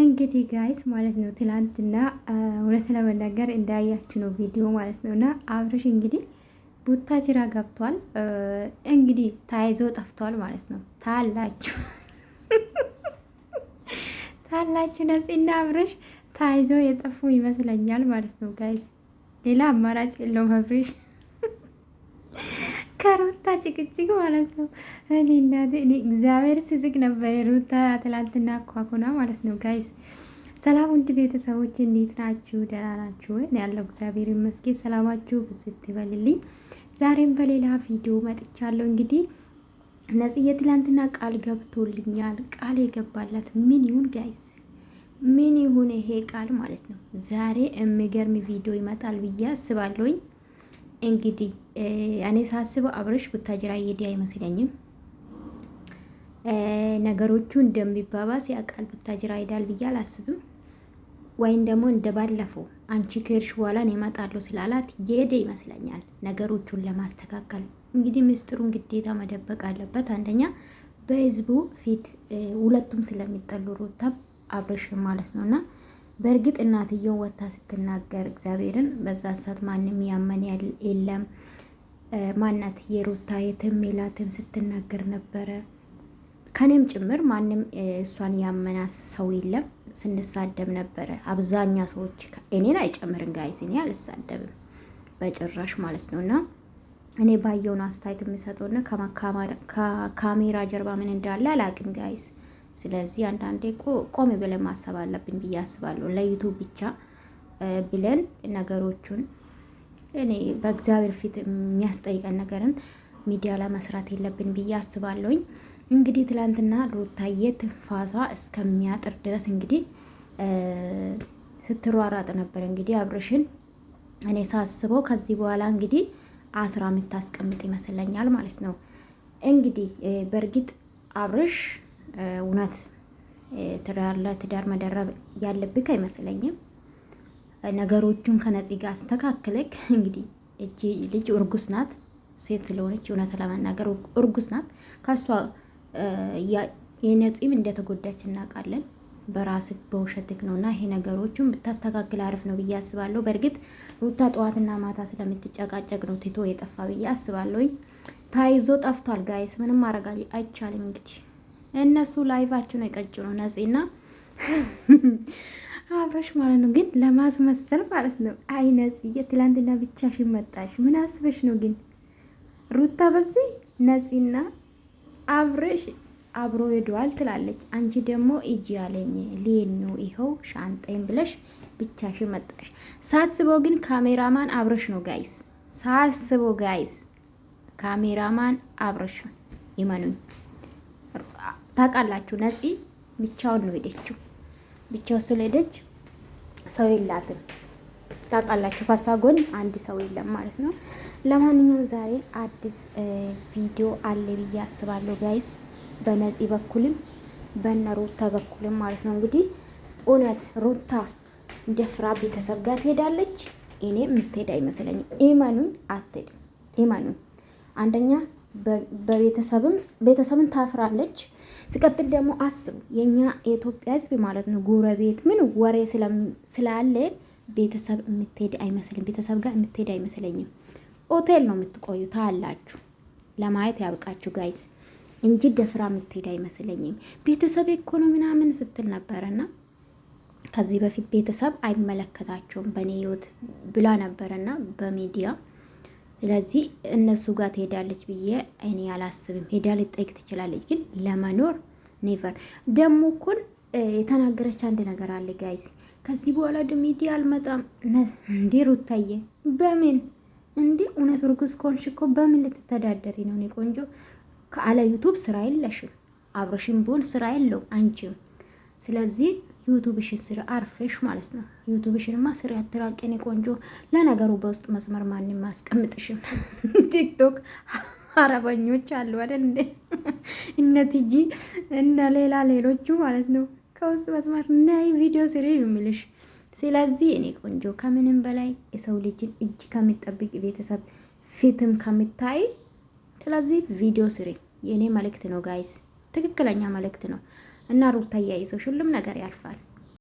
እንግዲህ ጋይስ ማለት ነው ትላንትና እውነት ለመናገር እንዳያችሁ ነው ቪዲዮ ማለት ነው። እና አብርሽ እንግዲህ ቡታጅራ ገብቷል። እንግዲህ ተያይዞ ጠፍቷል ማለት ነው። ታላችሁ ታላችሁ ነፂና አብርሽ ተያይዞ የጠፉ ይመስለኛል ማለት ነው ጋይስ። ሌላ አማራጭ የለውም አብርሽ ከሩታ ጭቅጭቅ ማለት ነው። እኔ እናቴ እኔ እግዚአብሔር ስዝግ ነበር። ሩታ ትላንትና አኳኩና ማለት ነው። ጋይስ ሰላም ውድ ቤተሰቦች እንዴት ናችሁ? ደህና ናችሁ ወይ? ያለው እግዚአብሔር ይመስገን። ሰላማችሁ ብስት ይበልልኝ። ዛሬም በሌላ ቪዲዮ መጥቻለሁ። እንግዲህ ነጽ የትላንትና ቃል ገብቶልኛል፣ ቃል የገባላት ምን ይሁን ጋይስ ምን ይሁን ይሄ ቃል ማለት ነው። ዛሬ የሚገርም ቪዲዮ ይመጣል ብዬ አስባለሁኝ። እንግዲህ እኔ ሳስበው አብረሽ ቡታጅራ እየሄደ አይመስለኝም። ነገሮቹ እንደሚባባስ ያውቃል። ቡታጅራ ይሄዳል ብዬ አላስብም። ወይም ደግሞ እንደባለፈው አንቺ ከሄድሽ በኋላ እኔ እመጣለሁ ስላላት እየሄደ ይመስለኛል፣ ነገሮቹን ለማስተካከል። እንግዲህ ምስጢሩን ግዴታ መደበቅ አለበት። አንደኛ በህዝቡ ፊት ሁለቱም ስለሚጠሉ ሩታም አብረሽ ማለት ነው እና በእርግጥ እናትየው ወታ ስትናገር እግዚአብሔርን በዛ ሰዓት ማንም ያመን የለም። ማናት የሩታ የትም ሜላትም ስትናገር ነበረ። ከኔም ጭምር ማንም እሷን ያመናት ሰው የለም። ስንሳደብ ነበረ አብዛኛ ሰዎች። እኔን አይጨምርን ጋይዝ፣ እኔ አልሳደብም በጭራሽ ማለት ነው። እና እኔ ባየውን አስተያየት የሚሰጠውና ከካሜራ ጀርባ ምን እንዳለ አላቅም ጋይዝ ስለዚህ አንዳንዴ ቆም ብለን ማሰብ አለብን ብዬ አስባለሁ። ለይቱ ብቻ ብለን ነገሮቹን እኔ በእግዚአብሔር ፊት የሚያስጠይቀን ነገርን ሚዲያ ላይ መስራት የለብን ብዬ አስባለሁኝ። እንግዲህ ትላንትና ሩታዬ ትንፋሷ እስከሚያጥር ድረስ እንግዲህ ስትሯራጥ ነበር። እንግዲህ አብርሽን እኔ ሳስበው ከዚህ በኋላ እንግዲህ አስራ የምታስቀምጥ ይመስለኛል ማለት ነው። እንግዲህ በእርግጥ አብርሽ እውነት ትዳር ለትዳር መደረብ ያለብክ አይመስለኝም። ነገሮቹን ከነፂ ጋር አስተካክለክ እንግዲህ እቺ ልጅ እርጉስ ናት፣ ሴት ስለሆነች እውነት ለመናገር እርጉስ ናት። ከሷ የነፂም እንደተጎዳች እናውቃለን። በራስህ በውሸትክ ነው እና ይሄ ነገሮቹን ብታስተካክል አሪፍ ነው ብዬ አስባለሁ። በእርግጥ ሩታ ጠዋትና ማታ ስለምትጨቃጨቅ ነው ቲቶ የጠፋ ብዬ አስባለሁኝ። ታይዞ ጠፍቷል ጋይስ፣ ምንም ማድረግ አይቻልም እንግዲህ እነሱ ላይቫችሁን የቀጭ ነው ነጽና አብረሽ ማለት ነው። ግን ለማስመሰል ማለት ነው። አይ ነጽዬ፣ ትላንትና ብቻሽን መጣሽ። ምን አስበሽ ነው? ግን ሩታ በዚህ ነጽና አብረሽ አብሮ ሄደዋል ትላለች። አንቺ ደግሞ እጅ ያለኝ ሌን ነው ይኸው ሻንጣይን ብለሽ ብቻሽን መጣሽ። ሳስበው ግን ካሜራማን አብረሽ ነው ጋይስ። ሳስበው ጋይስ ካሜራማን አብረሽ ነው። ይመኑኝ። ታውቃላችሁ፣ ነፂ ብቻውን ነው ሄደችው። ብቻው ስለሄደች ሰው የላትም። ታውቃላችሁ፣ ከሷ ጎን አንድ ሰው የለም ማለት ነው። ለማንኛውም ዛሬ አዲስ ቪዲዮ አለ ብዬ አስባለሁ ጋይስ፣ በነፂ በኩልም በነ ሩታ በኩልም ማለት ነው። እንግዲህ እውነት ሩታ ደፍራ ቤተሰብ ጋር ትሄዳለች? እኔ የምትሄድ አይመስለኝም። ኢማኑኝ አትሄድም። ኢማኑኝ አንደኛ በቤተሰብም ቤተሰብን ታፍራለች። ሲቀጥል ደግሞ አስቡ የእኛ የኢትዮጵያ ሕዝብ ማለት ነው ጎረቤት ምን ወሬ ስላለ ቤተሰብ የምትሄድ አይመስለኝም። ቤተሰብ ጋር የምትሄድ አይመስለኝም። ሆቴል ነው የምትቆዩ ታላችሁ ለማየት ያብቃችሁ ጋይዝ እንጂ ደፍራ የምትሄድ አይመስለኝም። ቤተሰብ ኢኮኖሚ ምናምን ስትል ነበረና ከዚህ በፊት ቤተሰብ አይመለከታቸውም በኔ ህይወት ብላ ነበረና በሚዲያ ስለዚህ እነሱ ጋር ትሄዳለች ብዬ እኔ አላስብም። ሄዳ ልጠይቅ ትችላለች፣ ግን ለመኖር ኔቨር። ደግሞ እኮን የተናገረች አንድ ነገር አለ ጋይስ። ከዚህ በኋላ ደ ሚዲያ አልመጣም እንዴ ሩታዬ? በምን እንዴ? እውነት እርጉዝ ከሆንሽ እኮ በምን ልትተዳደሪ ነው? እኔ ቆንጆ ከአለ ዩቱብ ስራ የለሽም፣ አብረሽም ቢሆን ስራ የለው አንቺም። ስለዚህ ዩቱብሽን ስር አርፈሽ ማለት ነው። ዩቱብሽንማ ስር ያተራቀን ቆንጆ። ለነገሩ በውስጥ መስመር ማንም አስቀምጥሽም። ቲክቶክ አረበኞች አሉ አይደል እንዴ? እነ ቲጂ እና ሌላ ሌሎቹ ማለት ነው። ከውስጥ መስመር ናይ ቪዲዮ ስሪ የሚልሽ ስለዚህ እኔ ቆንጆ ከምንም በላይ የሰው ልጅን እጅ ከሚጠብቅ ቤተሰብ ፊትም ከሚታይ ስለዚህ ቪዲዮ ስሪ የእኔ መልእክት ነው ጋይስ፣ ትክክለኛ መልእክት ነው። እና ሩታ እያይዘሽ ሁሉም ነገር ያልፋል።